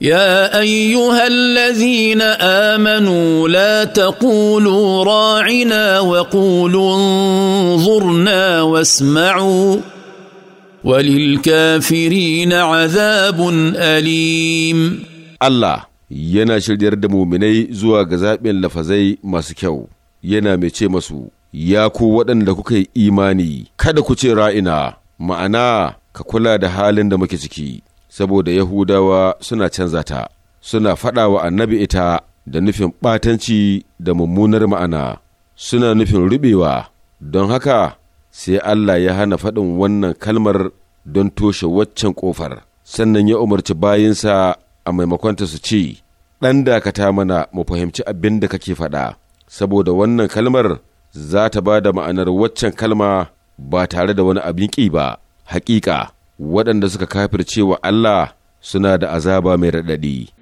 يا ايها الذين امنوا لا تقولوا راعنا وقولوا انظرنا واسمعوا وللكافرين عذاب اليم الله yana shiryar da muminai zuwa ga zaɓin lafazai masu kyau yana mai ce masu ya ku waɗanda kuka yi imani kada ku ce ra'ina ma'ana ka kula da halin da muke ciki saboda Yahudawa suna canza ta, suna faɗa wa annabi ita da nufin ɓatanci da mummunar ma'ana, suna nufin ruɓewa, don haka sai Allah ya hana faɗin wannan kalmar don toshe waccan ƙofar, sannan ya umarci bayinsa a maimakonta su ce, ɗan dakata mana mu fahimci abin da kake faɗa, saboda wannan kalmar za ta ba da ma'anar waccan kalma ba tare da wani abin ƙi ba, haƙiƙa. waɗanda suka kafirce wa Allah suna da azaba mai raɗaɗi.